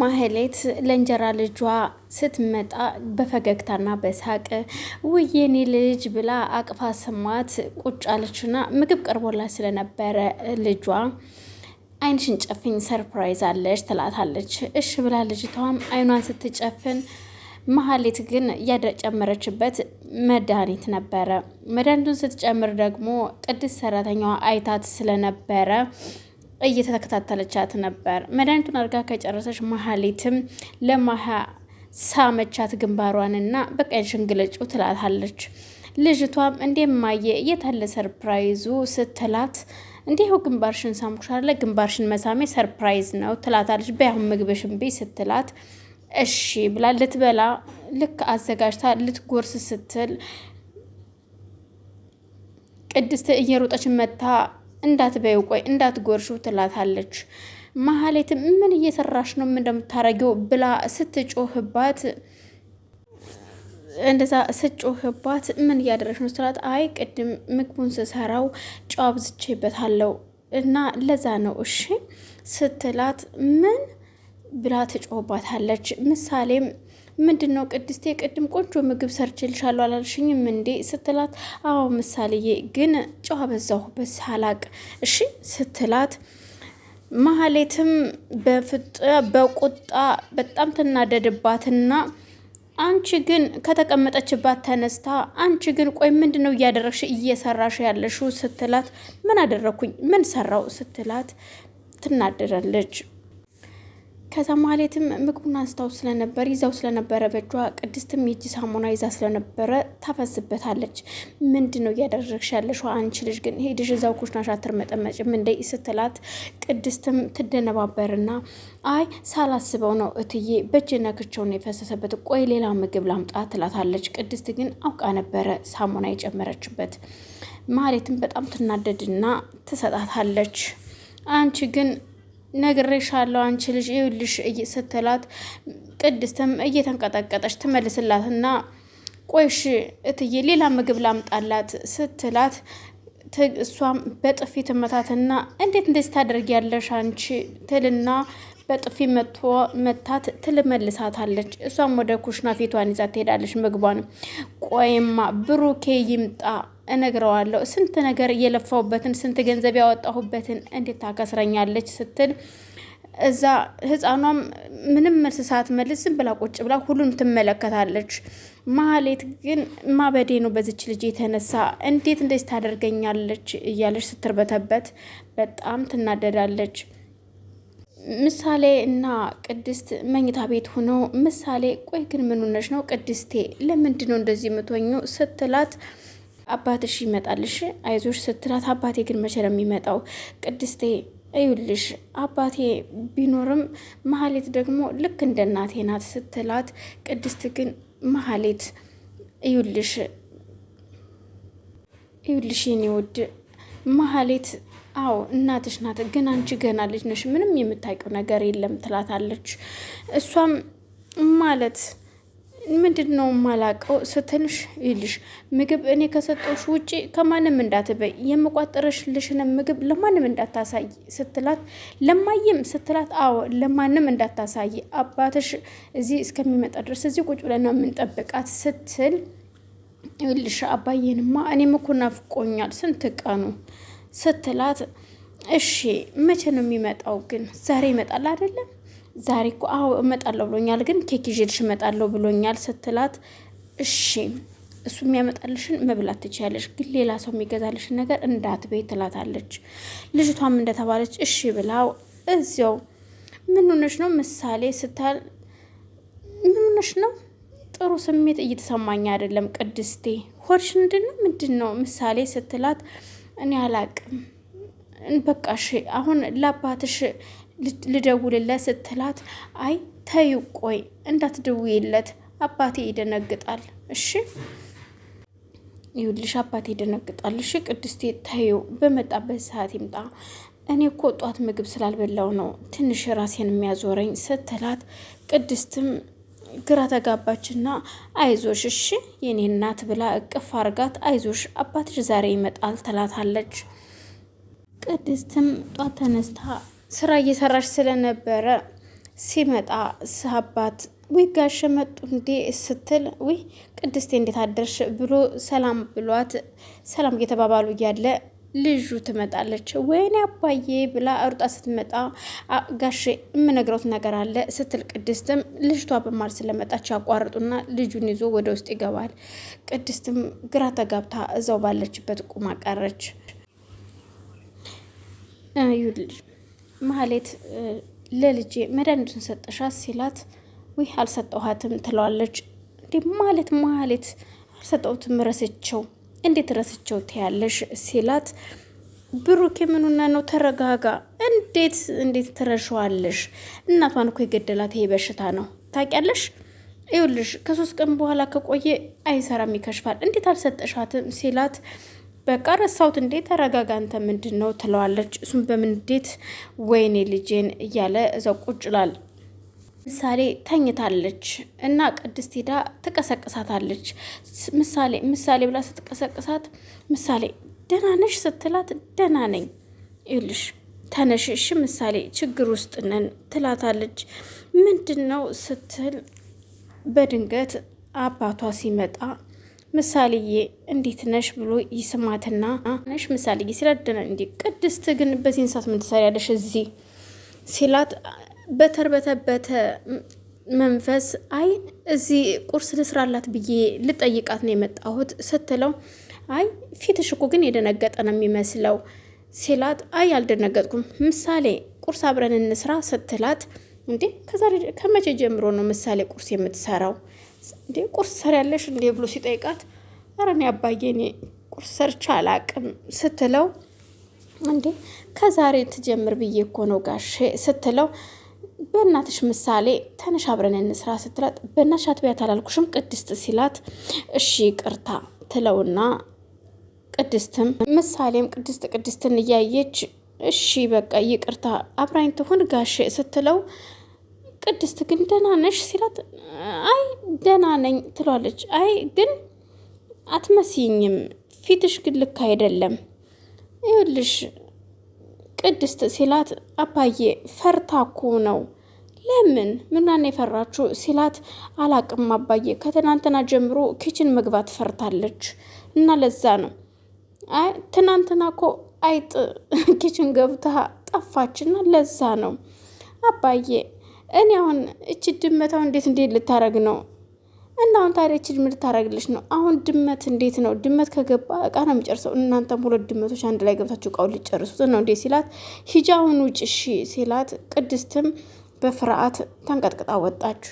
ማህሌት ለእንጀራ ልጇ ስትመጣ በፈገግታና በሳቅ ውይ ልጅ ብላ አቅፋ ስማት ቁጭ አለችና ምግብ ቀርቦላት ስለነበረ ልጇ አይንሽን ጨፍኝ ሰርፕራይዝ አለች ትላታለች። እሽ ብላ ልጅቷም አይኗን ስትጨፍን መሀሌት ግን ያጨመረችበት መድኃኒት ነበረ። መድኃኒቱን ስትጨምር ደግሞ ቅድስት ሰራተኛዋ አይታት ስለነበረ እየተከታተለቻት ነበር። መድኃኒቱን አድርጋ ከጨረሰች መሀሌትም ለማሃ ሳመቻት ግንባሯንና በቃ ሽንግለጩ ትላታለች። ልጅቷም እንዴ ማየ የታለ ሰርፕራይዙ ስትላት እንዲሁ ግንባርሽን ሳምኩሻለ ግንባርሽን መሳሜ ሰርፕራይዝ ነው ትላታለች። በያሁን ምግብሽን ብይ ስትላት እሺ ብላ ልትበላ ልክ አዘጋጅታ ልትጎርስ ስትል ቅድስት እየሮጠች መታ እንዳትበይው ቆይ እንዳትጎርሽው ትላታለች። መሀሌትም ምን እየሰራሽ ነው? ምን እንደምታረጊው ብላ ስትጮህባት እንደዛ ስትጮህባት ምን እያደረሽ ነው ስትላት፣ አይ ቅድም ምግቡን ስሰራው ጨው አብዝቼበታለሁ እና ለዛ ነው እሺ ስትላት ምን ብላ ትጮህባታለች። ምሳሌም ምንድን ነው ቅድስቴ፣ ቅድም ቆንጆ ምግብ ሰርችልሻለሁ አላልሽኝም እንዴ ስትላት፣ አዎ ምሳሌዬ፣ ግን ጨዋ አበዛሁበት ሳላቅ እሺ ስትላት መሀሌትም በፍጥ በቁጣ በጣም ትናደድባትና አንቺ ግን ከተቀመጠችባት ተነስታ አንቺ ግን ቆይ ምንድን ነው እያደረግሽ እየሰራሽ ያለሽው ስትላት፣ ምን አደረግኩኝ ምን ሰራው ስትላት ትናደዳለች። ከዛ ማለትም ምግቡን አንስታው ስለነበር ይዛው ስለነበረ በእጇ ቅድስትም የእጅ ሳሙና ይዛ ስለነበረ ታፈስበታለች። ምንድን ነው እያደረግሽ ያለሽ አንቺ ልጅ ግን ሄድሽ እዛው ኩሽና ሻትር መጠመጭ ምንደ ስትላት ቅድስትም ትደነባበርና አይ ሳላስበው ነው እትዬ በእጄ ነክቼው ነው የፈሰሰበት፣ ቆይ ሌላ ምግብ ላምጣ ትላታለች። ቅድስት ግን አውቃ ነበረ ሳሙና የጨመረችበት። ማለትም በጣም ትናደድና ትሰጣታለች። አንቺ ግን ነግሬሻለሁ አንቺ ልጅ ይኸውልሽ ስትላት ቅድስትም እየተንቀጠቀጠች ትመልስላትና ቆይሽ እትዬ ሌላ ምግብ ላምጣላት ስትላት እሷም በጥፊ ትመታትና እንዴት እንደዚህ ታደርጊያለሽ አንቺ ትልና በጥፊ መጥቶ መታት ትልመልሳታለች። እሷም ወደ ኩሽና ፊቷን ይዛ ትሄዳለች። ምግቧን ቆይማ ብሩኬ ይምጣ እነግረዋለሁ ስንት ነገር እየለፋሁበትን ስንት ገንዘብ ያወጣሁበትን እንዴት ታከስረኛለች? ስትል እዛ ህፃኗም ምንም መልስ ሳትመልስ ዝም ብላ ቁጭ ብላ ሁሉን ትመለከታለች። ማህሌት ግን ማበዴ ነው በዚች ልጅ የተነሳ እንዴት እንደዚህ ታደርገኛለች እያለች ስትርበተበት በጣም ትናደዳለች። ምሳሌ እና ቅድስት መኝታ ቤት ሆኖ ምሳሌ ቆይ ግን ምን ሆነሽ ነው ቅድስቴ ለምንድን ነው እንደዚህ የምትወኙ ስትላት አባትሽ ይመጣልሽ አይዞሽ ስትላት አባቴ ግን መቼ ነው የሚመጣው ቅድስቴ እዩልሽ አባቴ ቢኖርም መሀሌት ደግሞ ልክ እንደ እናቴ ናት ስትላት ቅድስት ግን መሀሌት እዩልሽ እዩልሽ የኔ ውድ መሀሌት አዎ እናትሽ ናት፣ ግን አንቺ ገና ልጅ ነሽ፣ ምንም የምታውቂው ነገር የለም ትላታለች። እሷም ማለት ምንድን ነው የማላውቀው ስትልሽ ይልሽ ምግብ እኔ ከሰጠሁሽ ውጪ ከማንም እንዳትበይ የምቋጠረሽ ልሽንም ምግብ ለማንም እንዳታሳይ ስትላት፣ ለማየም ስትላት፣ አዎ ለማንም እንዳታሳይ አባትሽ እዚህ እስከሚመጣ ድረስ እዚህ ቁጭ ብለን ነው የምንጠብቃት ስትል ይልሽ አባዬንማ እኔም እኮ ናፍቆኛል ስንት ቀኑ ስትላት እሺ መቼ ነው የሚመጣው? ግን ዛሬ ይመጣል አይደለም? ዛሬ እኮ አዎ እመጣለሁ ብሎኛል፣ ግን ኬክ ይዤልሽ እመጣለሁ ብሎኛል ስትላት እሺ እሱ የሚያመጣልሽን መብላት ትችያለሽ፣ ግን ሌላ ሰው የሚገዛልሽን ነገር እንዳትበይ ትላታለች። ልጅቷም እንደተባለች እሺ ብላው እዚያው ምን ሆነሽ ነው ምሳሌ ስታል ምን ሆነሽ ነው? ጥሩ ስሜት እየተሰማኝ አይደለም ቅድስቴ፣ ሆድሽ ምንድን ነው ምንድን ነው ምሳሌ ስትላት እኔ አላቅም በቃ አሁን ለአባትሽ ልደውልለት ስትላት አይ ተይ ቆይ እንዳትደውይለት አባቴ ይደነግጣል እሺ ይኸውልሽ አባቴ ይደነግጣል እሺ ቅድስቴ ተይው በመጣበት ሰዓት ይምጣ እኔ እኮ ጧት ምግብ ስላልበላው ነው ትንሽ ራሴን የሚያዞረኝ ስትላት ቅድስትም ግራ ተጋባችና አይዞሽ እሺ የኔ እናት ብላ እቅፍ አርጋት አይዞሽ አባትሽ ዛሬ ይመጣል ትላታለች። ቅድስትም ጧት ተነስታ ስራ እየሰራች ስለነበረ ሲመጣ ስአባት ወይ ጋሸ መጡ እንዴ ስትል ወይ ቅድስቴ እንዴት አደርሽ ብሎ ሰላም ብሏት ሰላም እየተባባሉ እያለ ልጁ ትመጣለች። ወይኔ አባዬ ብላ ሩጣ ስትመጣ ጋሼ የምነግረውት ነገር አለ ስትል ቅድስትም ልጅቷ በማር ስለመጣች ያቋርጡና ልጁን ይዞ ወደ ውስጥ ይገባል። ቅድስትም ግራ ተጋብታ እዛው ባለችበት ቁማ ቀረች። ይሁልጅ ማህሌት ለልጄ መድኃኒቱን ሰጠሻት ሲላት ውይ አልሰጠኋትም ትለዋለች። እንዲህ ማለት ማህሌት አልሰጠሁትም ረስቸው እንዴት ረስቸው ትያለሽ ሲላት ብሩክ የምኑና ነው ተረጋጋ። እንዴት እንዴት ትረሸዋለሽ? እናቷን እኮ የገደላት ይሄ በሽታ ነው ታውቂያለሽ። ይኸውልሽ ከሶስት ቀን በኋላ ከቆየ አይሰራም፣ ይከሽፋል። እንዴት አልሰጠሻትም ሲላት በቃ ረሳሁት እንዴ ተረጋጋ፣ አንተ ምንድን ነው ትለዋለች። እሱም በምን እንዴት ወይኔ ልጄን እያለ እዛው ቁጭ ይላል። ምሳሌ ተኝታለች እና ቅድስት ሄዳ ትቀሰቅሳታለች። ምሳሌ ምሳሌ ብላ ስትቀሰቅሳት ምሳሌ ደህና ነሽ ስትላት ደህና ነኝ ይልሽ ተነሽ ተነሽሽ ምሳሌ ችግር ውስጥ ነን ትላታለች። ምንድን ነው ስትል በድንገት አባቷ ሲመጣ ምሳሌዬ እንዴት ነሽ ብሎ ይስማትና ነሽ ምሳሌዬ ሲላት ደህና እንዲ ቅድስት ግን በዚህን ሰዓት ምን ትሰሪያለሽ እዚህ ሲላት በተርበተበተ መንፈስ አይ እዚህ ቁርስ ልስራላት ብዬ ልጠይቃት ነው የመጣሁት ስትለው አይ ፊትሽ እኮ ግን የደነገጠ ነው የሚመስለው ሲላት አይ አልደነገጥኩም፣ ምሳሌ ቁርስ አብረን እንስራ ስትላት እንዴ ከዛሬ ከመቼ ጀምሮ ነው ምሳሌ ቁርስ የምትሰራው? እንዴ ቁርስ ሰሪያለሽ እንዴ ብሎ ሲጠይቃት ኧረ እኔ አባዬ እኔ ቁርስ ሰርቼ አላቅም ስትለው እንዴ ከዛሬ ትጀምር ብዬ እኮ ነው ጋሼ ስትለው በእናትሽ ምሳሌ ትንሽ አብረን እንስራ ስትላት በእናትሽ አትበያት አላልኩሽም ቅድስት ሲላት እሺ ቅርታ ትለውና ቅድስትም ምሳሌም ቅድስት ቅድስትን እያየች እሺ በቃ ይቅርታ አብራኝ ትሆን ጋሽ ስትለው ቅድስት ግን ደህና ነሽ ሲላት አይ ደህና ነኝ ትሏለች። አይ ግን አትመስይኝም፣ ፊትሽ ግን ልክ አይደለም ይኸውልሽ ቅድስት ሲላት አባዬ ፈርታኩ ነው ለምን ምናን የፈራችሁ ሲላት አላቅም አባዬ ከትናንትና ጀምሮ ኪችን መግባት ፈርታለች እና ለዛ ነው ትናንትና እኮ አይጥ ኪችን ገብታ ጠፋች እና ለዛ ነው አባዬ እኔ አሁን እች ድመታው እንዴት እንዴት ልታረግ ነው እና አሁን ታዲያ እች ድመት ልታረግልሽ ነው አሁን ድመት እንዴት ነው ድመት ከገባ እቃ ነው የሚጨርሰው እናንተም ሁለት ድመቶች አንድ ላይ ገብታችሁ እቃውን ልጨርሱት ነው እንዴ ሲላት ሂጃውን ውጭ እሺ ሲላት ቅድስትም በፍርሃት ተንቀጥቅጣ ወጣች።